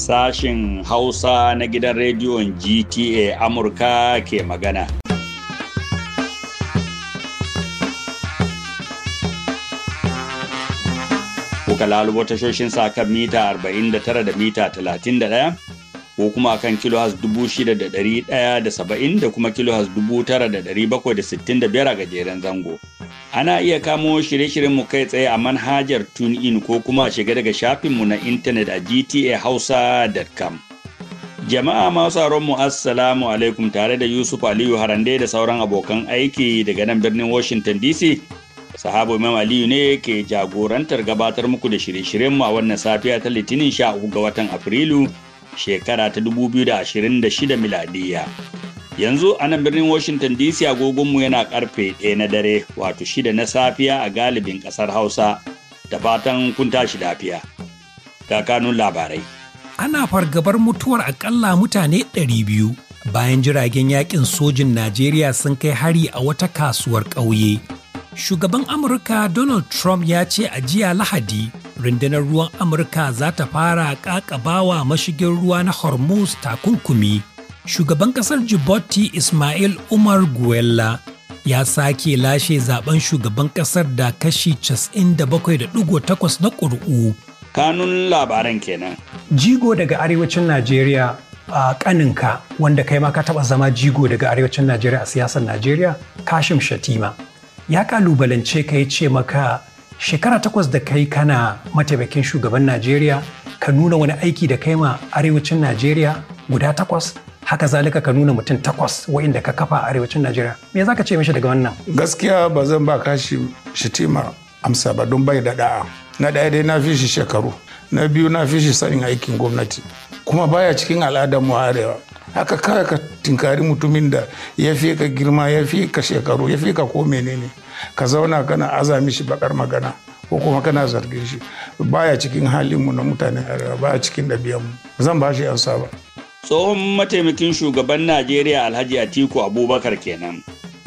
Sashin Hausa na gidan rediyon GTA Amurka ke magana. Kuka lalubo tashoshin sa kan mita 49 da mita 31 ko kuma kan kilohas 6,170 da kuma kilohas 9,765 a gajeren zango. Ana iya kamo shirye-shiryen mu kai tsaye a manhajar TuneIn ko kuma a shiga daga shafinmu na intanet a gtahausa.com. Jama'a masu mu assalamu alaikum tare da Yusuf Aliyu Harande da sauran abokan aiki daga nan birnin Washington DC. Sahabu Imam Aliyu ne ke jagorantar gabatar muku da shirye-shiryenmu a wannan safiya ta Litinin 13 ga watan Afrilu shekara ta 2026 miladiya. Yanzu a nan birnin Washington DC agogonmu yana karfe ɗaya na dare wato shida na safiya a galibin ƙasar Hausa da fatan kun tashi lafiya. Ga kanun labarai. Ana fargabar mutuwar akalla mutane ɗari biyu bayan jiragen yakin sojin Najeriya sun kai hari a wata kasuwar ƙauye. Shugaban Amurka Donald Trump ya ce a jiya Lahadi rundunar ruwan Amurka za ta fara ƙaƙabawa mashigin ruwa na Hormuz takunkumi shugaban kasar Djibouti Ismail Umar Guella ya sake lashe zaben shugaban kasar da kashi 97.8 na ƙuri'u. Kanun labaran kenan. Jigo daga arewacin Najeriya a kaninka wanda kai ma ka taɓa zama jigo daga arewacin Najeriya a siyasar Najeriya Kashim Shatima ya kalubalance ka yi ce maka shekara takwas da kai kana mataimakin shugaban Najeriya ka nuna wani aiki da kai ma arewacin Najeriya guda takwas haka zalika ka nuna mutum takwas wa'inda ka kafa a arewacin najeriya me za ka ce mishi daga wannan gaskiya ba zan ba kashi shitima amsa ba don bai da da'a na ɗaya dai na fi shi shekaru na biyu na fi shi sanin aikin gwamnati kuma baya cikin al'adar mu arewa haka kawai ka tinkari mutumin da ya fi ka girma ya fi ka shekaru ya fi ka ko menene ka zauna kana azami shi bakar magana ko kuma kana zargin shi baya cikin halin mu na mutanen arewa baya cikin ɗabi'an mu zan ba shi yan ba. tsohon mataimakin shugaban najeriya alhaji atiku abubakar kenan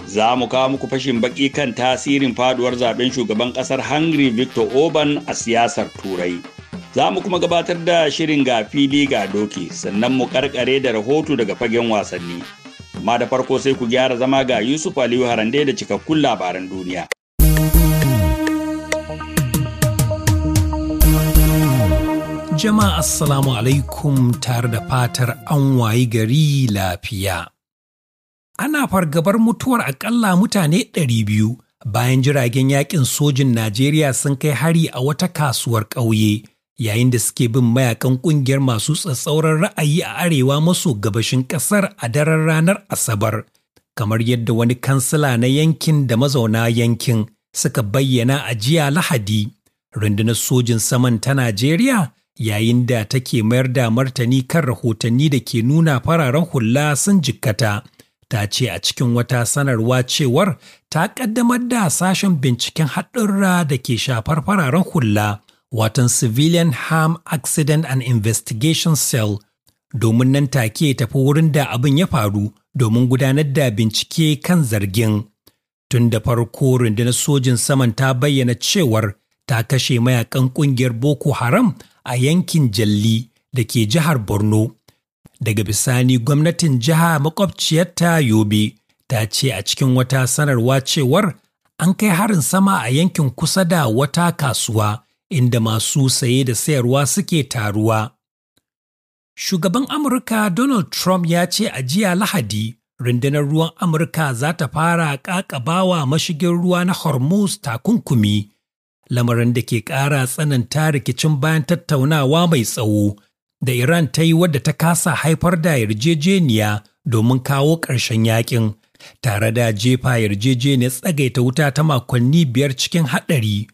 za mu kawo muku fashin baki kan tasirin faduwar zaben shugaban kasar hungary victor orban a siyasar turai za mu kuma gabatar da shirin ga fili ga doki sannan mu karkare da rahoto daga fagen wasanni amma da farko sai ku gyara zama ga yusuf aliyu harande da cikakkun labaran duniya Jama'a Assalamu alaikum tare da fatar an wayi gari lafiya. Ana fargabar mutuwar akalla mutane ɗari biyu bayan jiragen yakin sojin Najeriya sun kai hari a wata kasuwar ƙauye yayin da suke bin mayakan ƙungiyar masu tsatsauran ra'ayi a arewa maso gabashin ƙasar a daren ranar Asabar. Kamar yadda wani kansila na yankin da mazauna yankin suka bayyana a jiya Lahadi, rundunar sojin saman ta Najeriya yayin da take mayar da martani kan rahotanni da ke nuna fararen hula sun jikkata. Ta ce a cikin wata sanarwa cewar ta ƙaddamar da sashen binciken haɗurra da ke shafar fararen hula, watan Civilian Harm Accident and Investigation Cell, domin nan take tafi wurin da abin ya faru domin gudanar da bincike kan zargin. Tun da farko rundunar sojin saman ta bayyana cewar ta kashe mayakan ƙungiyar Boko Haram a yankin Jalli da ke jihar Borno. Daga bisani gwamnatin jiha makwabciyarta Yobe ta ce a cikin wata sanarwa cewar an kai harin sama a yankin kusa da wata kasuwa inda masu saye da sayarwa suke taruwa. Shugaban Amurka Donald Trump ya ce a jiya Lahadi rundunar ruwan Amurka za ta fara ƙaƙabawa mashigin ruwa na Hormuz takunkumi lamarin da ke ƙara tsananta rikicin bayan tattaunawa mai tsawo da Iran ta yi wadda ta kasa haifar da yarjejeniya domin kawo ƙarshen yakin tare da jefa yarjejeniyar tsagaita wuta ta makonni biyar cikin haɗari.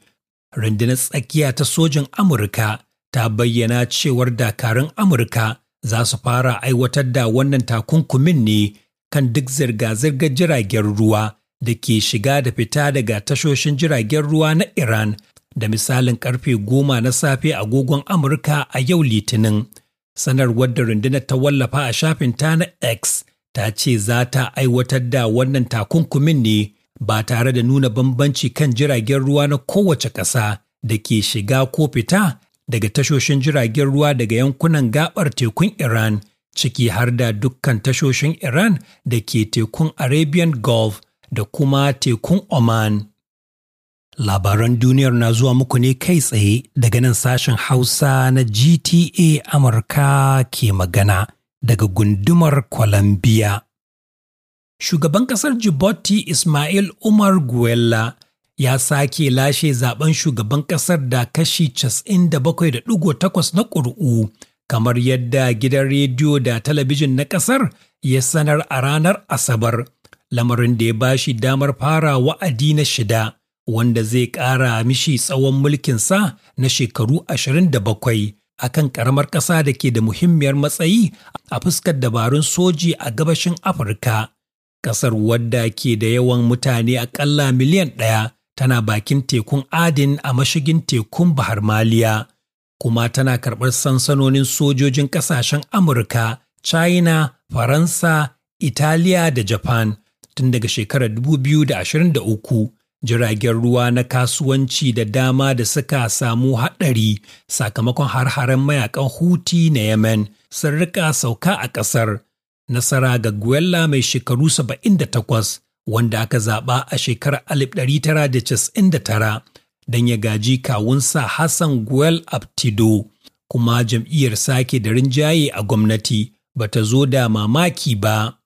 Rundunar tsakiya ta sojin Amurka ta bayyana cewar dakarun Amurka za su fara aiwatar da wannan takunkumin ne kan duk zirga-zirgar jiragen ruwa da ke shiga da fita daga tashoshin jiragen ruwa na Iran da misalin karfe goma na safe agogon Amurka a yau Litinin. Sanarwar da rundunar ta wallafa a shafin ta na X ta ce za ta aiwatar da wannan takunkumin ne ba tare da nuna bambanci kan jiragen ruwa na kowace ƙasa da ke shiga ko fita daga tashoshin jiragen ruwa daga yankunan gabar tekun Iran, ciki har da dukkan tashoshin Iran da ke tekun Arabian Gulf da kuma tekun Oman. Labaran duniyar na zuwa muku ne kai tsaye daga nan sashen Hausa na GTA Amurka ke magana daga gundumar Columbia. Shugaban ƙasar Djibouti Ismail Umar Guella ya sake lashe zaben shugaban ƙasar da kashi 97.8 na ƙuri'u kamar yadda gidan rediyo da talabijin na ƙasar ya sanar a ranar Asabar. lamarin da ya ba shi damar fara wa'adi na shida wanda zai ƙara mishi tsawon mulkinsa na shekaru ashirin da bakwai. akan ƙaramar ƙasa da ke da muhimmiyar matsayi a fuskar dabarun soji a gabashin Afirka. Ƙasar wadda ke da yawan mutane aƙalla miliyan ɗaya tana bakin tekun Adin a mashigin tekun Bahar Maliya, kuma tana karɓar sansanonin sojojin ƙasashen Amurka, China, Faransa, Italiya da Japan tun daga shekarar 2023 jiragen ruwa na kasuwanci da dama da suka samu haɗari sakamakon harharen mayakan huti na yemen sun rika sauka a ƙasar nasara ga guella mai shekaru 78 wanda aka zaɓa a shekarar 1999 don ya gaji kawunsa hassan guel abtido kuma jam'iyyar sake da rinjaye a gwamnati bata zo da mamaki ba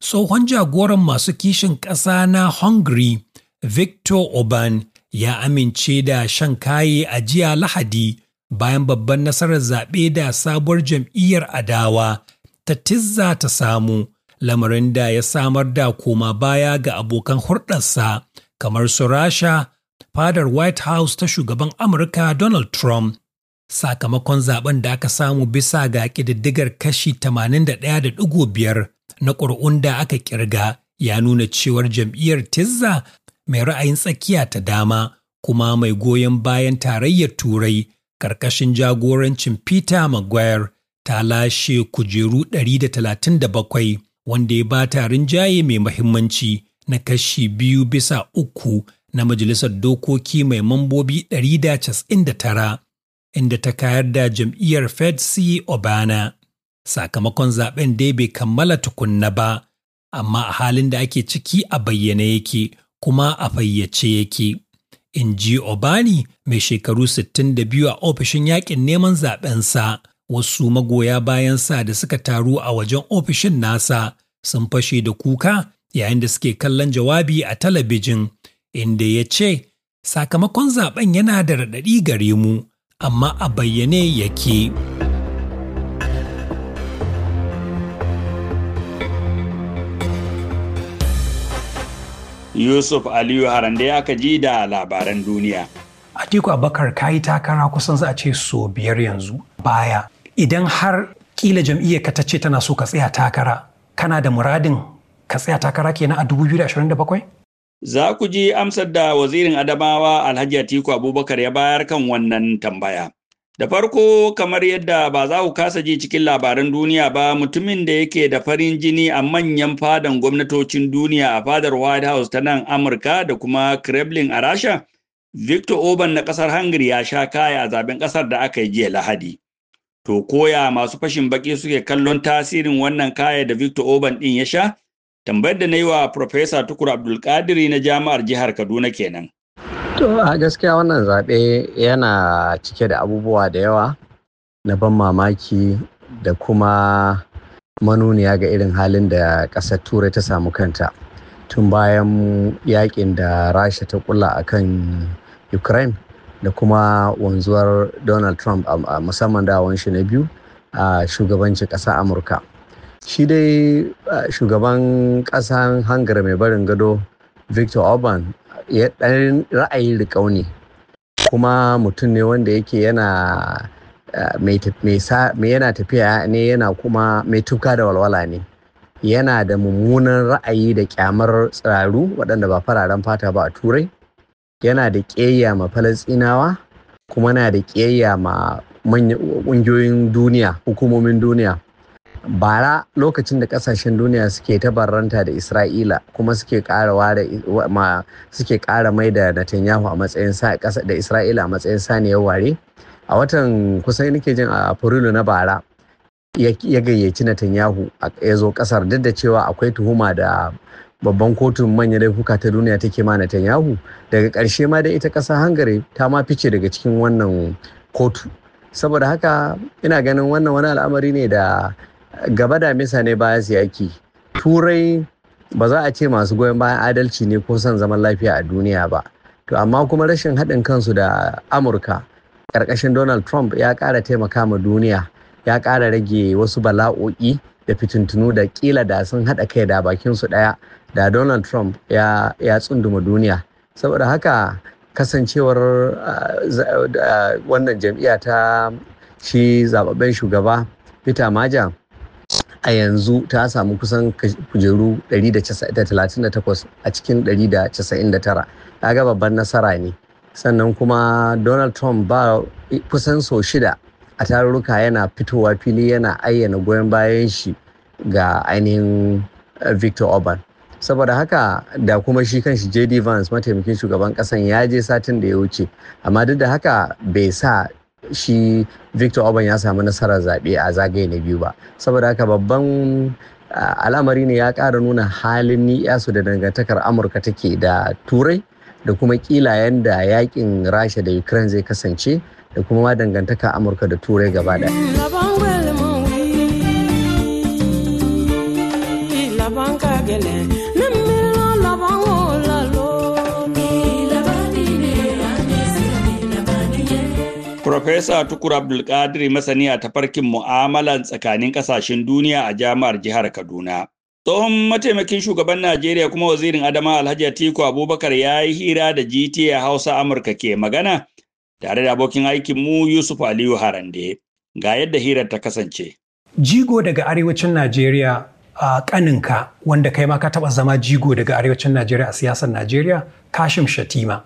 tsohon jagoran masu kishin ƙasa na Hungary, Victor Orban, ya amince da shan kaye a jiya Lahadi bayan babban nasarar zaɓe da sabuwar jam'iyyar adawa ta tizza ta samu, lamarin da ya samar da koma baya ga abokan hurɗarsa kamar su Rasha, fadar White House ta shugaban Amurka Donald Trump. Sakamakon zaben da aka samu bisa ga ƙididdigar kashi 81.5 na ƙuri'un da aka ƙirga, ya nuna cewar jam'iyyar Tizza mai ra'ayin tsakiya ta dama kuma mai goyon bayan tarayyar Turai ƙarƙashin jagorancin Peter Maguire ta lashe kujeru 137 wanda ya ba ta rinjaye mai mahimmanci na kashi biyu bisa uku na Majalisar Dokoki mai mambobi 199 inda ta kayar da jam'iyyar Fed C. Obana. sakamakon zaben dai bai kammala tukunna ba, amma a halin da ake ciki a bayyane yake kuma a fayyace yake. In ji Obani mai shekaru sittin da biyu a ofishin yakin neman zaɓensa, wasu magoya bayan sa da suka taru a wajen ofishin nasa sun fashe da kuka yayin da suke kallon jawabi a talabijin, inda ya ce, Sakamakon zaben yana da raɗaɗi gare mu, amma a bayyane yake. Yusuf Aliyu Harande aka ji da labaran duniya. Atiku Abubakar yi takara kusan za a ce so biyar yanzu baya. Idan har kila jam'iyyar ka ta ce tana so ka tsaya takara, kana da muradin ka tsaya takara kenan a 2027? Za ku ji amsar da wazirin Adamawa Alhaji Atiku Abubakar ya bayar kan wannan tambaya. Da farko kamar yadda ba za ku kasa ji cikin labaran duniya ba mutumin da yake da farin jini a manyan fadan gwamnatocin duniya a fadar White House ta nan Amurka da kuma Kremlin a Rasha, Victor Orban na ƙasar Hungary ya sha kaya a zaben ƙasar da aka yi jiya Lahadi. To koya masu fashin baki suke kallon tasirin wannan kaya da Victor Orban ɗin ya sha? Tambayar da na yi wa Professor Tukur Abdulkadiri na jami'ar jihar Kaduna kenan. To a gaskiya wannan zaɓe yana cike da abubuwa da yawa na ban mamaki da kuma manuniya ga irin halin da ƙasar turai ta samu kanta tun bayan yakin da rasha ta kula a kan ukraine da kuma wanzuwar donald trump a musamman dawon shi na biyu a shugabancin ƙasar amurka shi dai shugaban ƙasar hangara mai barin gado victor orban ya ɗan ra'ayin riƙau ne kuma mutum ne wanda yake yana eh, mai yana tafiya ne yana kuma mai tuka da walwala ne yana da mummunan ra'ayi da kyamar tsiraru waɗanda ba fararen fata ba a turai yana da ƙiyayya ma falastinawa kuma yana da ƙiyayya ma ƙungiyoyin duniya hukumomin duniya bara lokacin da kasashen duniya suke ta da isra'ila kuma suke kara mai da netanyahu a matsayin sa da isra'ila a matsayin saniyar ware a watan kusan nake jin a afrilu na bara ya gayyaci netanyahu ya zo kasar duk da cewa akwai tuhuma da babban kotun manyan laifuka ta duniya take ma netanyahu daga karshe ma da ita ƙasa hangare ta ma fice daga cikin wannan kotu saboda haka ina ganin wannan wani al'amari ne da gaba da damisa ne baya siyaki turai ba za a ce masu goyon bayan adalci ne ko son zaman lafiya a duniya ba to amma kuma rashin haɗin kansu da amurka ƙarƙashin donald trump ya ƙara taimaka ma duniya ya ƙara rage wasu bala'o'i da fitintunu da ƙila da sun haɗa kai da bakin su ɗaya da donald trump ya, ya tsunduma duniya saboda haka kasancewar ah, ah, wannan jam'iyya ta shi zababben shugaba peter maja a yanzu ta samu kusan kujeru 138 a cikin 199 ga babban nasara ne sannan kuma donald trump ba kusan sau shida a tarurruka yana fitowa fili yana ayyana goyon bayan shi ga ainihin eh, victor orban saboda haka da kuma shi kanshi jd vance mataimakin shugaban kasan ya je satin da ya wuce amma duk da haka bai sa shi victor oban ya samu nasarar zaɓe a zagaye na biyu ba saboda haka babban al'amari ne ya ƙara nuna halin ni'yasu da dangantakar amurka take da turai da kuma kilayen da yaƙin rasha da ukraine zai kasance da kuma dangantaka amurka da turai gaba daya Profesa Tukur Abdulkadir masani a tafarkin mu'amalan tsakanin kasashen duniya a jami'ar jihar Kaduna. Tsohon mataimakin shugaban Najeriya kuma wazirin Adama Alhaji Atiku Abubakar ya yi hira da GTA Hausa Amurka ke magana tare da abokin aikin mu Yusuf Aliyu Harande. Ga yadda hirar ta kasance. Jigo daga arewacin Najeriya a kaninka wanda kai ma ka taba zama jigo daga arewacin Najeriya a siyasar Najeriya Kashim Shatima.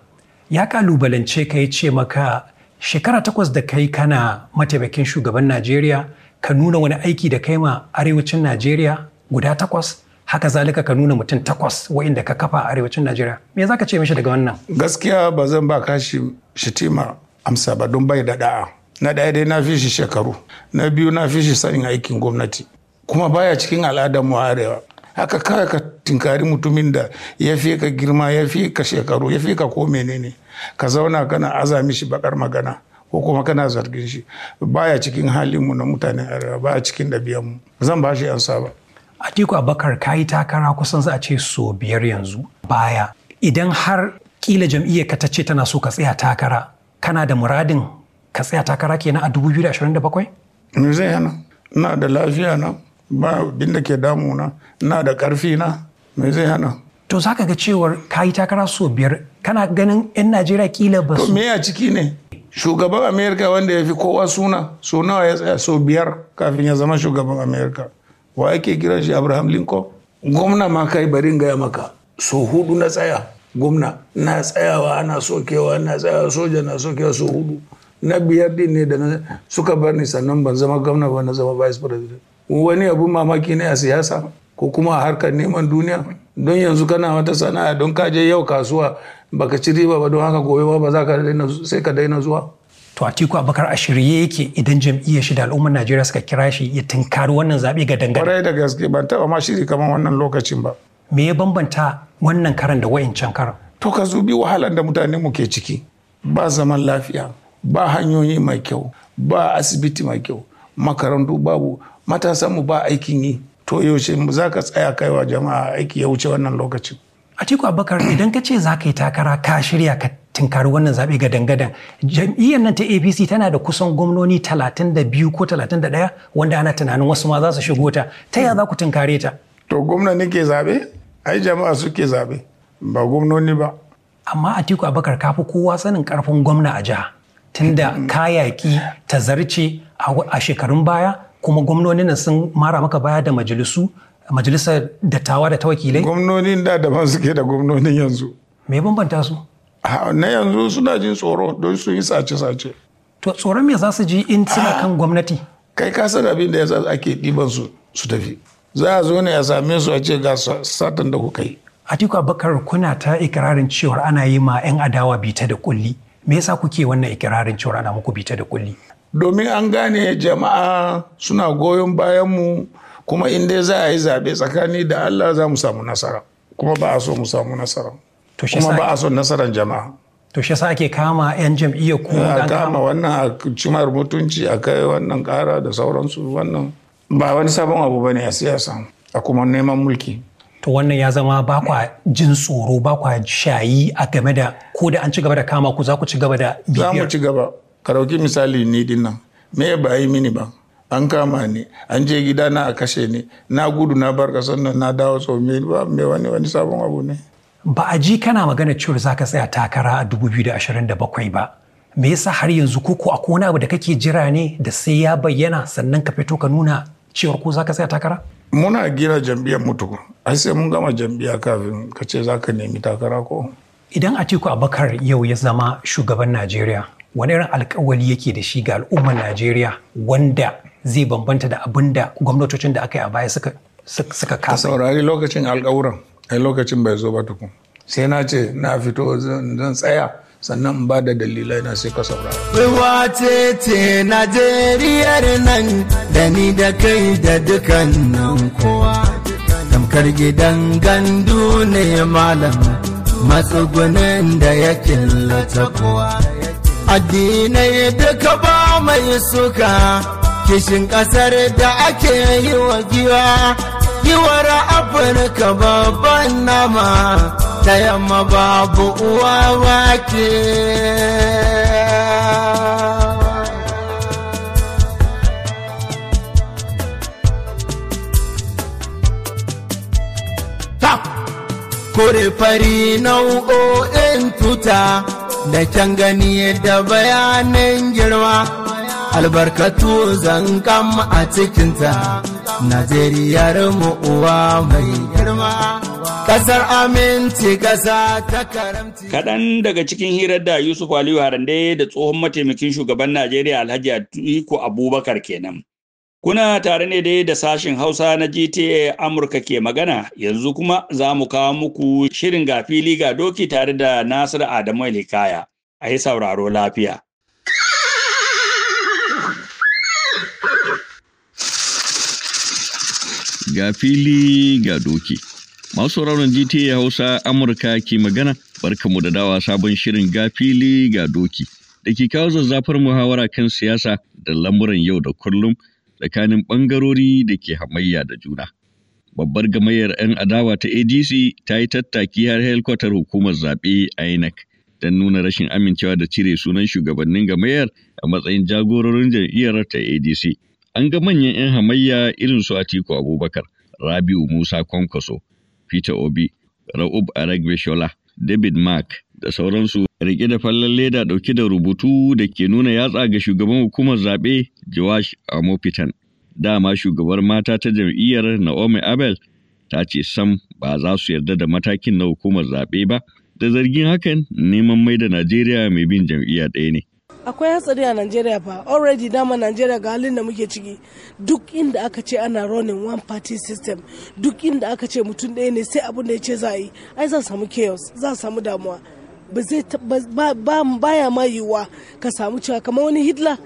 Ya kalubalance ka ya ce maka shekara takwas da kai kana mataimakin shugaban najeriya ka nuna wani aiki da kai ma arewacin najeriya guda takwas haka zalika ka nuna mutum takwas wa'inda ka kafa a arewacin najeriya me za ka ce mishi daga wannan gaskiya ba zan ba kashi shitima amsa ba don bai da da'a na ɗaya dai na fi shi shekaru na biyu na fi shi sanin aikin gwamnati kuma baya cikin al'adar mu arewa haka kawai ka tinkari mutumin da ya fi ka girma ya fi ka shekaru ya fi ka ko menene ka zauna kana azami shi bakar magana ko kuma kana zargin shi baya cikin halinmu na mutanen arewa baya cikin ɗabi'anmu zan ba shi yansa ba Atiku Abakar ka yi takara kusan za a ce so biyar yanzu baya idan har kila jam'iyyar ka ta ce tana so ka tsaya takara kana da muradin ka tsaya takara kenan a 2027? Me zai hana? Ina da lafiya na. ba abin da ke damuna na da karfi na me zai hana to za ka ga cewar ka yi takara so biyar kana ganin 'yan najeriya kila ba su me a ciki ne shugaban amerika wanda ya fi kowa suna so nawa ya tsaya so biyar kafin ya zama shugaban amerika wa yake kiran shi abraham lincoln gwamna ma kai barin gaya maka so hudu na tsaya gwamna na tsayawa ana sokewa na tsayawa soja na sokewa so hudu na biyar din ne da suka bar ni sannan ban zama gwamna ba na zama vice president wani abin mamaki ne a siyasa ko kuma a harkar neman duniya don yanzu kana wata sana'a don kaje yau kasuwa baka ci riba ba don haka gobe ba za ka daina sai ka daina zuwa to Atiku Abubakar a shirye yake idan jam'iyyar shi da al'ummar Najeriya suka kira shi ya tunkari wannan zaɓe ga dangane. Kwarai da gaske ban taɓa ma shiri kamar wannan lokacin ba. Me ya bambanta wannan karan da wayancan karan? To ka zo bi wahalar da mutane mu ke ciki. Ba zaman lafiya, ba hanyoyi mai kyau, ba asibiti mai kyau, makarantu babu, matasan mu ba aikin yi to yaushe za ka tsaya kaiwa jama'a aiki ya wuce wannan lokacin A Atiku Abubakar idan ka ce za ka yi takara ka shirya ka tinkari wannan zaɓe ga dangadan jam'iyyar nan ta APC tana da kusan gwamnoni 32 ko 31 wanda ana tunanin wasu ma za su shigo ta ta ya za ku tunkare ta to gwamna ke zaɓe ai jama'a suke zaɓe ba gwamnoni ba amma a tiku Abubakar ka fi kowa sanin karfin gwamna a jiha tunda kayaki ta zarce a shekarun baya kuma gwamnonin sun mara maka baya da majalisu majalisar dattawa da tawakilai. gwamnonin da daban suke da gwamnonin yanzu me bambanta su na yanzu suna jin tsoro don su yi sace-sace to tsoron me za su ji in suna kan gwamnati kai ka san abin da yasa ake diban su su tafi za a zo ne a same su a ce ga satan da kuka yi Atiku Abubakar kuna ta ikirarin cewar ana yi ma 'yan adawa bita da kulli me yasa kuke wannan ikirarin cewar ana muku bita da kulli domin an gane jama'a suna goyon bayanmu kuma in dai za a yi zaɓe tsakani da Allah za mu samu nasara kuma ba a so mu samu nasara kuma ba a so nasarar jama'a to shi ake kama 'yan jam'iyyar ku a kama wannan a cimar mutunci a kai wannan ƙara da sauransu wannan ba wani sabon abu ba ne a siyasa a kuma neman mulki to wannan ya zama ba kwa jin tsoro ba kwa shayi a game da ko da an ci gaba da kama ku za ku ci gaba da bibiyar za mu ci gaba ka ɗauki misali ni din nan me ba yi mini ba an kama ni an je gida na a kashe ni na gudu na bar kasan nan na dawo so me ba me wani wani sabon abu ne ba a ji kana magana cewa za ka tsaya takara a 2027 ba me yasa har yanzu ko ko akwai wani abu da kake jira ne da sai ya bayyana sannan ka fito ka nuna cewar ko za ka tsaya takara muna gina jam'iyyar mutu ai sai mun gama jam'iyya kafin ka ce za ka nemi takara ko idan a atiku abakar yau ya zama shugaban najeriya wani irin alkawali yake da shi ga al'ummar najeriya wanda zai bambanta da abin da gwamnatocin da aka yi a baya suka suka kasa saurari lokacin alkawuran ai lokacin bai zo ba tukun sai na ce na fito zan tsaya sannan ba da dalilai na sai ka saurara. Baiwa ce Najeriyar nan da ni da kai da dukannan kowa. Tamkar gidan gandu ne malam matsugunin da ya killata kowa. addinai duka ba mai suka kishin ƙasar da ake yi wa giwa giwar afirka babban nama ta yamma babu uwa wake kore fari nau'o'in tuta da can gani da bayanin girma albarkatu kama a cikinta najeriyar uwa mai girma kasar aminci kasa ta karamci kaɗan daga cikin hirar da yusuf aliyu harande da tsohon mataimakin shugaban najeriya alhaji atiku abubakar kenan Kuna tare ne dai da sashen Hausa na GTA Amurka ke magana, yanzu kuma za mu kawo muku shirin gafili ga doki tare da Nasiru Adamu Likaya. A yi sauraro lafiya. Ga ga doki. Masu sauraron GTA Hausa Amurka ke magana, barkamu da dawa sabon shirin ga fili ga doki. Da ke kawo zazzafar muhawara kan siyasa da lamuran yau da kullum. tsakanin ɓangarori da ke hamayya da juna. Babbar gamayyar 'yan adawa ta ADC ta yi tattaki har helkwatar hukumar zaɓe INEC don nuna rashin amincewa da cire sunan shugabannin gamayyar a matsayin jagororin jam'iyyar ta ADC. An ga manyan 'yan hamayya irin su Atiku Abubakar, Rabiu Musa Kwankwaso, Peter Obi, Ra'ub Aragbeshola, David Mark da sauransu rike da fallon leda dauke da rubutu da ke nuna yatsa ga shugaban hukumar zaɓe a Amopitan. Dama shugabar mata ta jam'iyyar Naomi Abel ta ce sam ba za su yarda da matakin na hukumar zaɓe ba da zargin hakan neman mai da Najeriya mai bin jam'iyya ɗaya ne. akwai hatsari a Najeriya fa already dama Najeriya ga halin da muke ciki duk inda aka ce ana running one party system duk inda aka ce mutum ɗaya ne sai abin da ya ce za a yi ai za samu chaos za samu damuwa ba zai baya ma yiwuwa ka samu cewa kamar wani hitler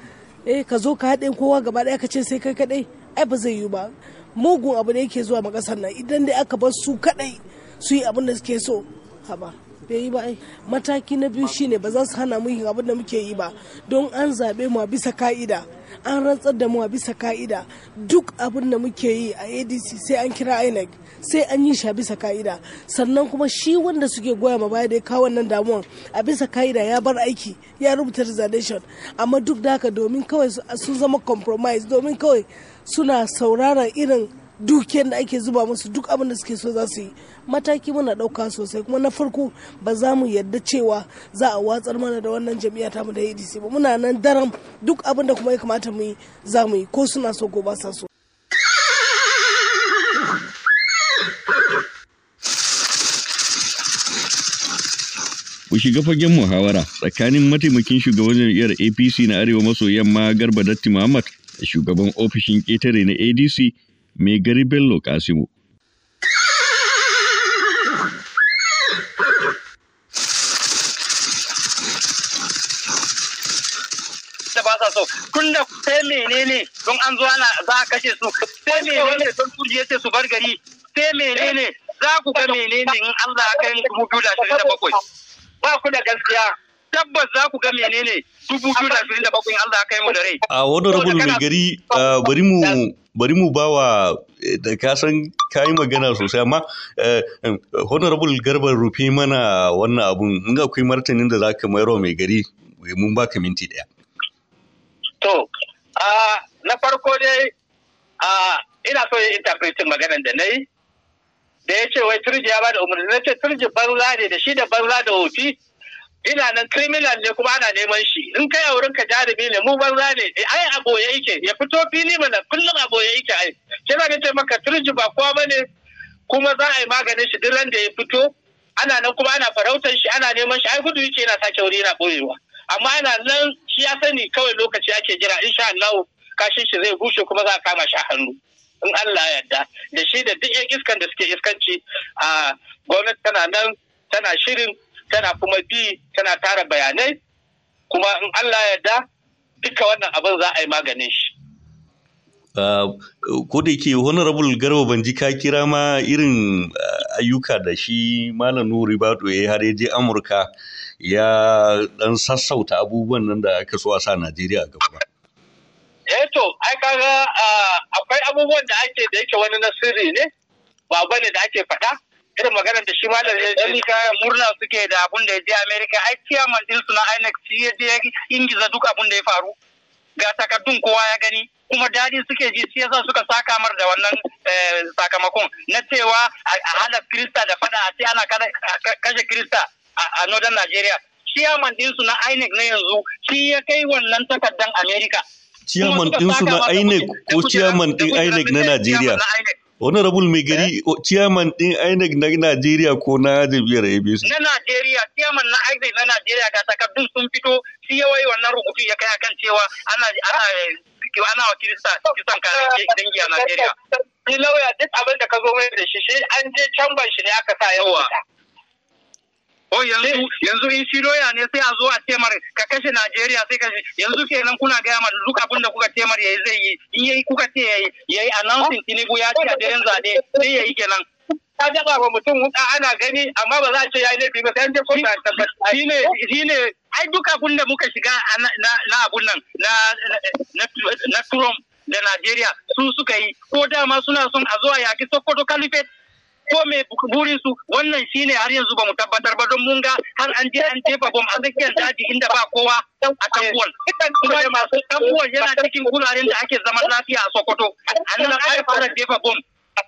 eh ka zo ka haɗe kowa gaba ɗaya ka ce sai kai kaɗai ai ba zai yiwu ba mugun abu da yake zuwa ma ƙasar nan idan dai aka bar su kaɗai su yi abin da suke so haba bai yi ba mataki na biyu shine ba za su hana mu yin abin da muke yi ba don an zaɓe mu a bisa ka'ida an rantsar da mu a bisa ka'ida duk abin da muke yi a adc sai an kira inec sai an yi shi a bisa ka'ida sannan kuma shi wanda suke goya ma baya da ya kawo wannan damuwan a bisa ka'ida ya bar aiki ya rubuta resignation amma duk da haka domin kawai sun zama compromise domin kawai suna sauraron irin dukiyar da ake zuba musu duk abin da suke so za su yi mataki muna ɗauka sosai kuma na farko ba za mu yarda cewa za a watsar mana da wannan jami'a tamu da adc ba muna nan daram duk abin da kuma ya kamata mu yi za mu yi ko suna so ko ba sa so ku shiga fagen muhawara tsakanin mataimakin shugaban jam'iyyar apc na arewa maso yamma garba datti muhammad da shugaban ofishin ƙetare na adc mai gari Bello Kasimu. kun da sai menene don an zo ana za a kashe su sai menene don turji ce su bar gari sai menene za ku ga menene in Allah a kai mu 2027 ba ku da gaskiya tabbas za ku ga menene dubu biyu da ashirin da bakwai Allah ya kai mu da rai. A wani rabin mai gari eh, bari mu bari mu bawa eh, da ka san ka yi magana sosai amma eh, honorable garba rufe mana wannan abun in akwai martanin da zaka ka wa mai gari mun baka minti daya to na farko dai ina so ya interpretin maganan da nayi da ya ce wai turji ya bada umarni na ce turji barula ne da shi da barula da hofi ina nan criminal ne kuma ana neman shi in kai a wurin ka jarumi ne mu banza ne eh, ai a boye yake ya fito fili mana kullum a boye yake ai sai na ce maka turji ba kowa bane kuma za a yi maganin shi duk ran da ya fito ana nan kuma ana farautar shi ana neman shi ai gudu yake yana sake wuri yana boyewa amma ana nan shi ya sani kawai lokaci ake jira insha Allah kashin shi zai bushe kuma za a kama shi a hannu in Allah yarda da shi da duk yan iskan da suke iskanci a gwamnati tana nan tana shirin tana kuma bi tana tara bayanai kuma in Allah ya da duka wannan abin za a yi maganin shi. Uh, ko da ke honorable garba ban ji ka kira ma irin uh, ayyuka da shi malam nuri bato ya har je amurka ya dan sassauta abubuwan nan da aka so a sa najeriya gaba. eh to ai kaga uh, akwai abubuwan da ake da yake wani nasiri ne ba bane da ake faɗa irin magana da shi malam Amurka murna suke da abun da ya je Amerika ai chairman din su na INEC shi ya je ingiza duk abun da ya faru ga takardun kowa ya gani kuma dadi suke ji shi yasa suka saka mar da wannan eh, sakamakon na cewa a hada Krista da fada a ce ana kashe Krista a Northern Nigeria chairman din su na INEC na yanzu shi ya kai wannan takardan Amerika chairman din su na INEC ko chairman din INEC na Najeriya honorable mai gari eh? chairman din INEC na Najeriya ko na jam'iyyar ABC. na Najeriya chairman na INEC na Najeriya ga takardun sun fito shi wai wannan rubutu ya kai akan cewa ana ana ana wa kirista kisan kare dangi a Najeriya ni lauya duk abin da ka zo mai da shi shi an je can ban shi ne aka sa yawa Oh yanzu yanzu in shi doya ne sai a zo a temar ka kashe Najeriya sai ka yanzu kenan kuna gaya ma duk abin da kuka temar yayi zai in yayi kuka ce yayi yayi announcing Tinubu ya ci a daren zaɓe sai yayi kenan ta jaba wa mutum wuka ana gani amma ba za a ce yayi laifi ba sai an je a tabbata shine ne ai duka abun da muka shiga na abun nan na Trump da Najeriya su suka yi ko dama suna son a zuwa yaki Sokoto kalifet. ko me burin su wannan shine har yanzu ba mu tabbatar ba don mun ga har an je an jefa bom a tsakiyar daji inda ba kowa a tambuwan kuma masu tambuwan yana cikin wuraren da ake zama lafiya a Sokoto a nan an fara jefa bom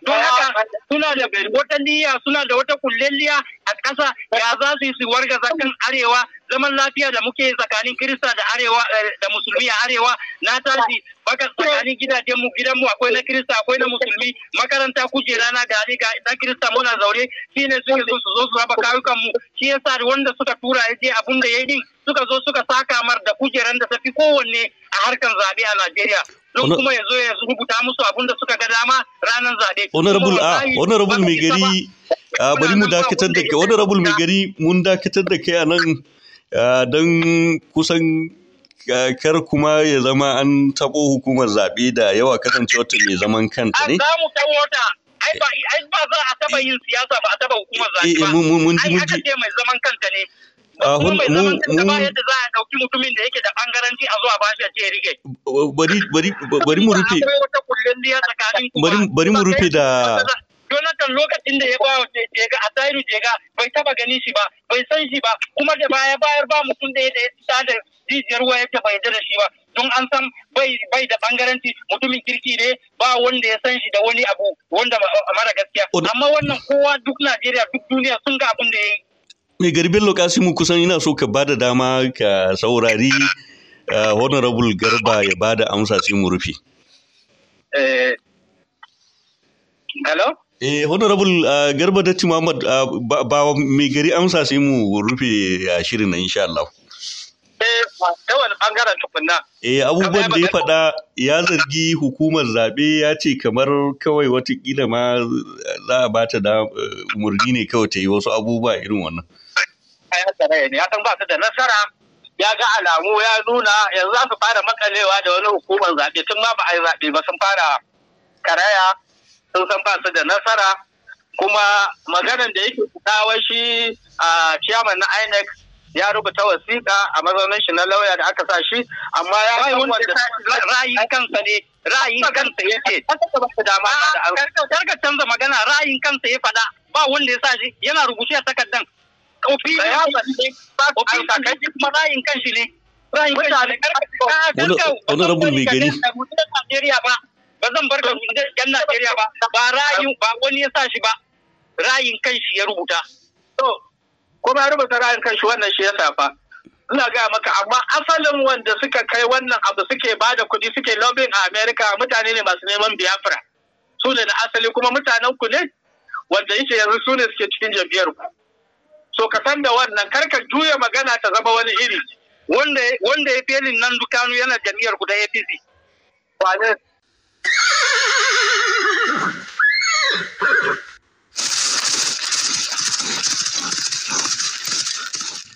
Don haka suna da wata niyya suna da wata kullelliya a ƙasa ya za su yi su warga zakan arewa zaman lafiya da muke tsakanin Kirista da arewa eh, da musulmi a arewa na tashi baka tsakanin gidajen mu gidan mu akwai na Kirista akwai na musulmi makaranta kujera na gari ga na Kirista muna zaure shine suke zo su zo su raba kayukan mu shi yasa wanda suka tura ya je abun da yayi din suka zo suka saka mar da kujeran da tafi kowanne harkar zaɓe a Najeriya. Don kuma ya zo ya rubuta musu abin da suka ga dama ranar zaɓe. Honorable a ah, ah, honorable mai gari bari mu dakatar da kai honorable mai gari mun dakatar da kai a nan ah, don kusan kar kuma ya zama an taɓo hukumar zaɓe da yawa kasancewa ta mai zaman kanta ne. Za mu ta ai ba za a taɓa eh, yin siyasa ba a taɓa hukumar zaɓe eh, ba. Eh, ai aka ce mai zaman kanta ne. Uh, mu ba yadda za a dauki mutumin da yake da bangaranci a zuwa bashi a ce rike uh, bari bari bari mu rufe bari bari mu rufe da Jonathan lokacin da ya bawa Jega a Zairu Jega bai taba gani shi ba bai san shi ba kuma da baya bayar ba mutum da ya da da jijiyar waya ta bai da shi ba don an san bai da bangaranci mutumin kirki ne ba wanda ya san shi da wani abu wanda mara gaskiya amma wannan kowa duk Najeriya duk duniya sun ga abin da ya yi mai garbin lokasimu kusan ina so ka bada dama ka saurari eh, honorable garba ya bada amsa sai mu rufe eh, hello eh honorable eh, garba datti muhammad ba mai gari amsa sai mu rufe shirin nan insha Allah Eh abubuwan da ya faɗa ya zargi hukumar zaɓe ya ce kamar kawai watakila ma za a bata da umarni ne kawai ta yi wasu abubuwa irin wannan. ne ya san ba su da nasara ya ga alamu ya nuna yanzu za su fara makalewa da wani hukumar zaɓe tun ma ba a yi zaɓe ba sun fara karaya sun san ba su da nasara kuma maganan da yake fita shi a ciyaman na inec ya rubuta wasiƙa a mazaunin shi na lauya da aka sa shi amma ya ra'ayin kansa ne ra'ayin kansa ya ce dama da an canza magana ra'ayin kansa ya faɗa ba wanda ya sa shi yana rubuce a takardan wani rabin mai gani ba zan bar Najeriya ba ba rayin ba wani ya sa shi ba rayin kanshi ya rubuta to kuma rubuta rayin kanshi wannan shi ya safa ina ga maka amma asalin wanda suka kai wannan abu suke ba da kuɗi suke lobbying a America mutane ne masu neman Biafra su ne na asali kuma mutanen ku ne wanda yake yanzu su ne suke cikin jam'iyyar ku so ka san da wannan kar ka juya magana ta zama wani iri wanda wanda ya fiye nan dukanu yana jami'ar ku da APC wane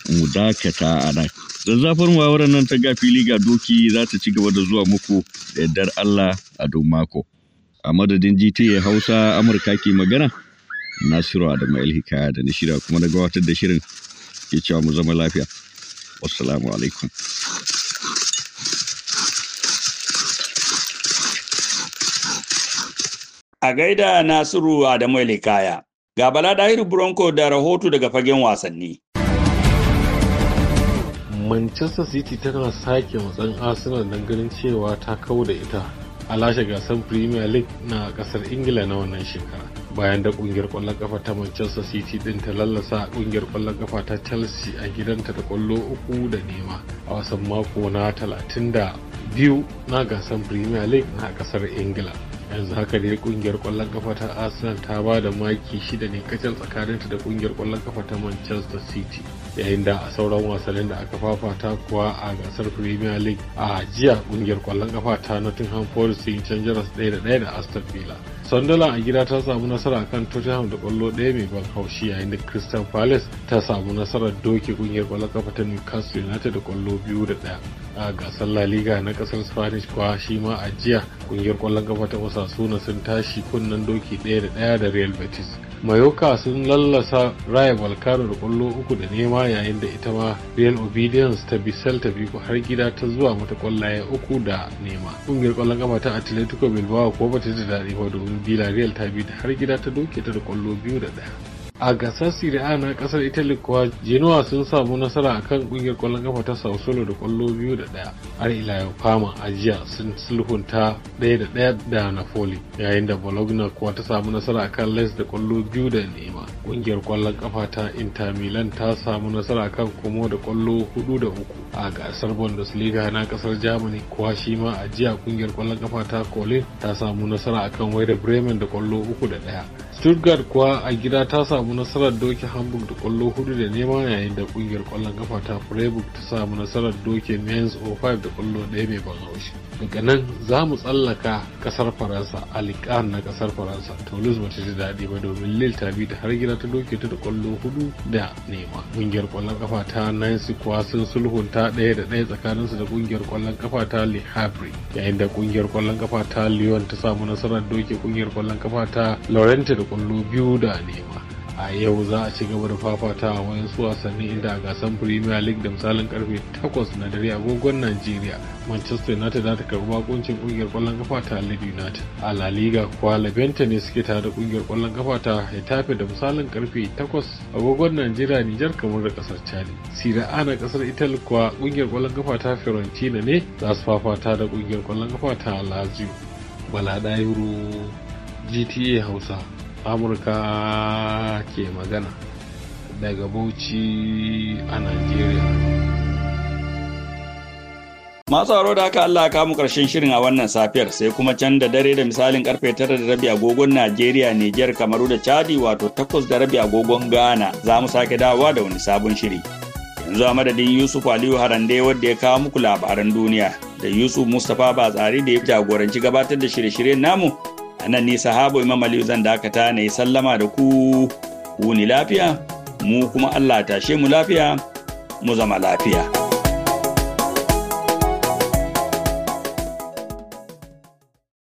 mu dakata a nan zazzafar muhawarar nan ta ga fili ga doki za ta ci gaba da zuwa muku da yardar Allah a don mako a madadin GTA Hausa Amurka ke magana nasiru adamu hikaya da na shirya kuma na gabatar da shirin ke cewa mu zama lafiya wasu alaikum a gaida nasiru adamu hikaya ga bala dahiru bronco da rahoto daga fagen wasanni manchester city tana sake matsan arsenal don ganin cewa ta kau da ita a lashe gasar premier league na kasar ingila na wannan shekara bayan da kungiyar kwallon kafa ta manchester city din ta lallasa kungiyar kwallon kafa ta chelsea a gidanta da kwallo uku da nema a wasan mako na 32 na gasar premier league na kasar ingila yanzu haka ne kungiyar kwallon kafa ta arsenal ta ba da maki shida ne kacal tsakaninta da kungiyar kwallon kafa ta manchester city yayin da sauran wasannin da aka fafata kuwa a gasar premier league a jiya kungiyar kwallon kafa ta nottingham forest sun canji ras ɗaya da ɗaya da aston villa sandala a gida ta samu nasara a kan tottenham da kwallo ɗaya mai ban haushi yayin da crystal palace ta samu nasarar doke kungiyar kwallon kafa ta newcastle united da kwallo biyu da ɗaya a gasar La Liga na kasar Spanish Kwa shi ma a jiya kungiyar kwallon kafa ta Osasuna sun tashi kunnen doki ɗaya da ɗaya da Real Betis. Mayoka sun lallasa Raya Balkano da kwallo uku da nema yayin da ita ma Real Obedience ta bi ta biyu har gida ta zuwa mata kwallaye uku da nema. Kungiyar kwallon kafa ta Atletico Bilbao ko bata da daɗi ba domin Villarreal ta bi har gida ta doke ta da kwallo biyu da ɗaya. a gasar Serie na kasar Italy kuwa Genoa sun samu nasara akan kungiyar kwallon kafa ta Sao Solo da kwallo biyu da daya har ila yau fama a jiya sun sulhunta daya da daya da Napoli yayin da Bologna kuwa ta samu nasara akan Les da kwallo biyu da nema kungiyar kwallon kafa ta Inter Milan ta samu nasara akan komo da kwallo hudu da uku a gasar Bundesliga na kasar Germany kuwa shi ma a jiya kungiyar kwallon kafa ta colin ta samu nasara akan da Bremen da kwallo uku da daya stuttgart kuwa a gida ta samu nasarar doke hamburg da kwallo hudu da nema yayin da kungiyar kwallon kafa ta freiburg ta samu nasarar doke mainz 05 da kwallo daya mai ban haushi daga nan za mu tsallaka kasar faransa alikan na kasar faransa toulouse ba ta ji daɗi ba domin lille ta bi da har gida ta doke ta da kwallo hudu da nema kungiyar kwallon kafa ta nancy kuwa sun sulhunta ɗaya da ɗaya tsakaninsu da kungiyar kwallon kafa ta le havre yayin da kungiyar kwallon kafa ta lyon ta samu nasarar doke kungiyar kwallon kafa ta laurenti da kwallo biyu da nema a yau za a ci gaba da fafatawa a wayansu wasanni inda a gasan premier league da misalin karfe 8 na dare agogon nigeria manchester united za ta karbi bakuncin kungiyar kwallon kafa ta lead united a la liga kuwa labenta ne suke tare da kungiyar kwallon kafa ta hetafe da misalin karfe 8 agogon nigeria nijar kamar da kasar chadi sira a na kasar italy kuwa kungiyar kwallon kafa ta fiorentina ne za su fafata da kungiyar kwallon kafa ta lazio bala dairu gta hausa amurka ke magana daga bauchi a nigeria masu haro da aka allah kamu karshen shirin a wannan safiyar sai kuma can da dare da misalin karfe tara da rabi agogon najeriya niger kamaru da chadi wato takwas da rabi agogon ghana za mu sake dawowa da wani sabon shiri yanzu a madadin yusuf aliyu harande wadda ya kawo muku labaran duniya da yusuf mustapha ba batsari da ya jagoranci gabatar da shirye-shiryen namu a nan ni sahabo imam aliyu zan dakata na yi sallama da ku wuni lafiya mu kuma allah tashe mu lafiya mu zama lafiya.